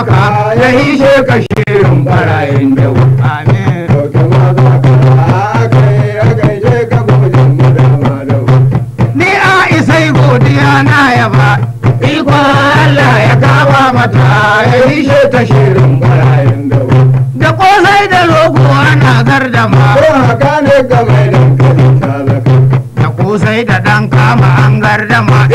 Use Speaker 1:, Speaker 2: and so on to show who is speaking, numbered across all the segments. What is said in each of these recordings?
Speaker 1: haka ya yi shirin barayin da ni godiya na yaba iko Allah ya kama mata ya yi shirin da da kosai da rogo ana gardama ko haka ne game da kosai da ɗan kama an gardama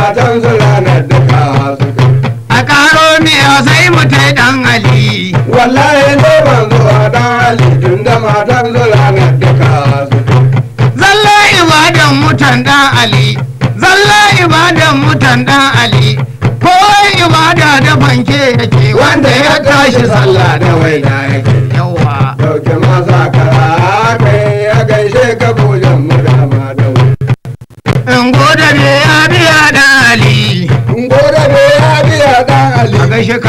Speaker 1: matan su ranar duka suka a karo miya sai mu ta dan ali wallahi ne ban zo a dan ali tun da matan su ranar duka suka zalla ibadan mutan dan ali zalla ibadan mutan dan ali kowai ibada da fanke yake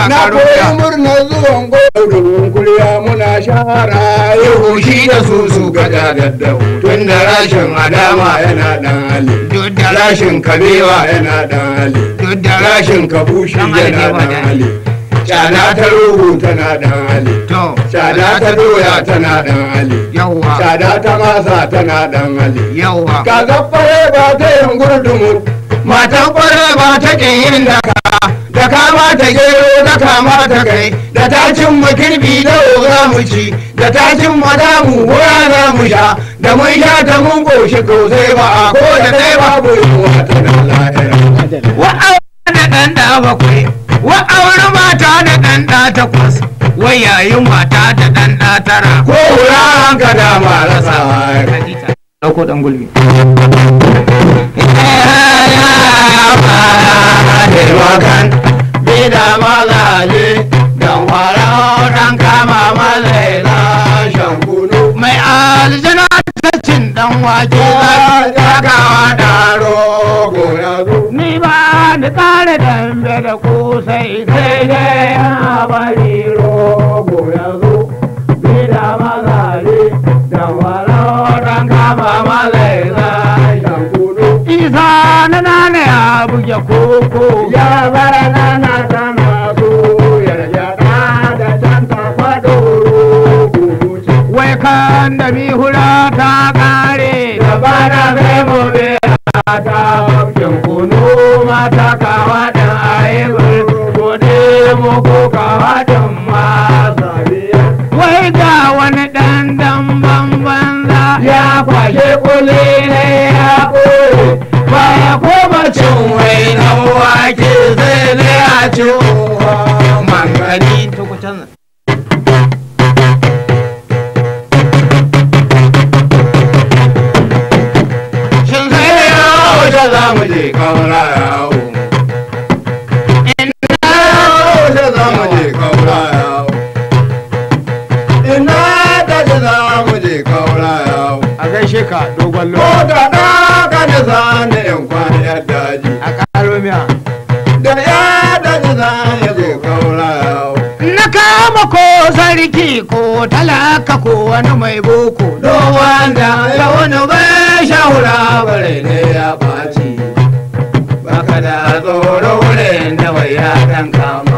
Speaker 1: na koyi murna zuwan gwaurin kuliya muna shara yau shi da su su gada daddau tun da rashin alama yana dan hali duk da rashin kabewa yana dan hali duk da rashin kabushi yana dan hali Shada ta ruhu tana dan hali. Shada ta doya tana dan hali. Shada ta masa tana dan hali. Ka zaffare ba ta yin gurdumu matan kwarai ba ta yin daka da kama ta gero da kama ta kai da ta cin mu girbi da za mu ci da ta cin mu wura za mu sha da mun sha ta mun goshi ko sai ba a ko da zai ba bu wata da la'ira wa aure da dan da bakwai wa aure mata da dan da takwas wai yayin mata da dan da tara ko wura an ka da ɗauko ɗan gulmi eh, kan bi da mazaje da fara dan kama mai aljana ta cin dan da rogo ni ni dambe da kusai sai dai a bari rogo yanzu bi da mazaje da wara. na buge koko ya bara na na tana doyar da da wai ta kare da bara zai mobe ta rain, no way. sarki ko talaka ko wani mai boko do wanda ya wani bai shahura bare ne ya baci baka da tsoro wurin da waya kan kama